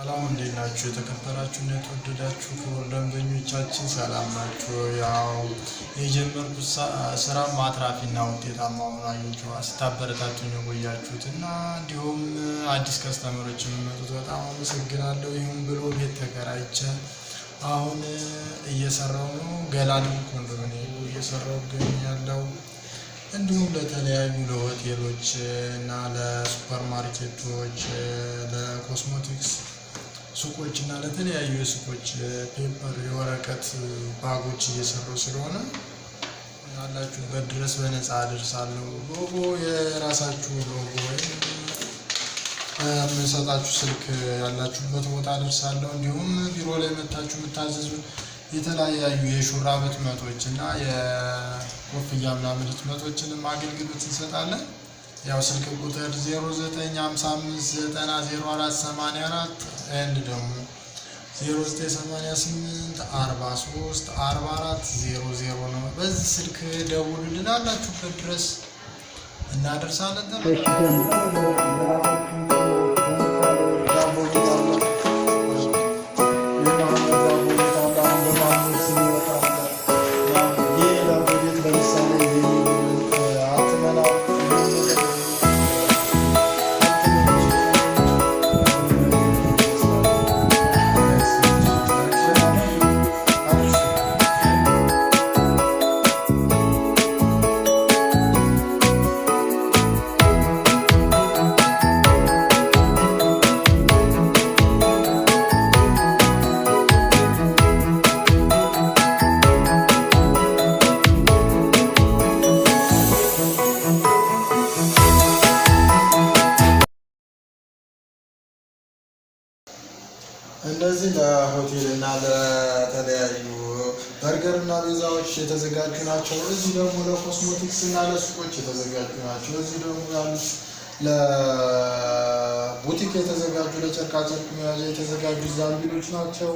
ሰላም እንዴት ናችሁ? የተከበራችሁ እና የተወደዳችሁ ክቡር ደንበኞቻችን ሰላም ናችሁ? ያው የጀመርኩት ስራ ማትራፊ ማትራፊና ውጤታማ ሆናችሁ ስታበረታቱኝ የቆያችሁት እና እንዲሁም አዲስ ከስተመሮች የሚመጡት በጣም አመሰግናለሁ። ይሁን ብሎ ቤት ተከራይቼ አሁን እየሰራው ነው። ገላንም ኮንዶሚኒየም እየሰራው እገኛለሁ። እንዲሁም ለተለያዩ ለሆቴሎች እና ለሱፐርማርኬቶች፣ ለኮስሞቲክስ ሱቆች እና ለተለያዩ የሱቆች ፔፐር የወረቀት ባጎች እየሰሩ ስለሆነ ያላችሁበት ድረስ በነፃ አደርሳለሁ። ሎጎ የራሳችሁ ሎጎ ወይም የምሰጣችሁ ስልክ ያላችሁበት ቦታ አደርሳለሁ። እንዲሁም ቢሮ ላይ መታችሁ የምታዘዙ የተለያዩ የሹራብ ህትመቶች እና የኮፍያ ምናምን ህትመቶችንም አገልግሎት እንሰጣለን። ያው ስልክ ቁጥር 0955900484 ኤንድ ደግሞ 0988434400 ነው። በዚህ ስልክ ደውሉልን፣ አላችሁበት ድረስ እናደርሳለን። እነዚህ ለሆቴል እና ለተለያዩ በርገር እና ቤዛዎች የተዘጋጁ ናቸው። እዚህ ደግሞ ለኮስሞቲክስ እና ለሱቆች የተዘጋጁ ናቸው። እዚህ ደግሞ ያሉት ለቡቲክ የተዘጋጁ ለጨርቃጨርቅ መያዣ የተዘጋጁ ዛንቢሎች ናቸው።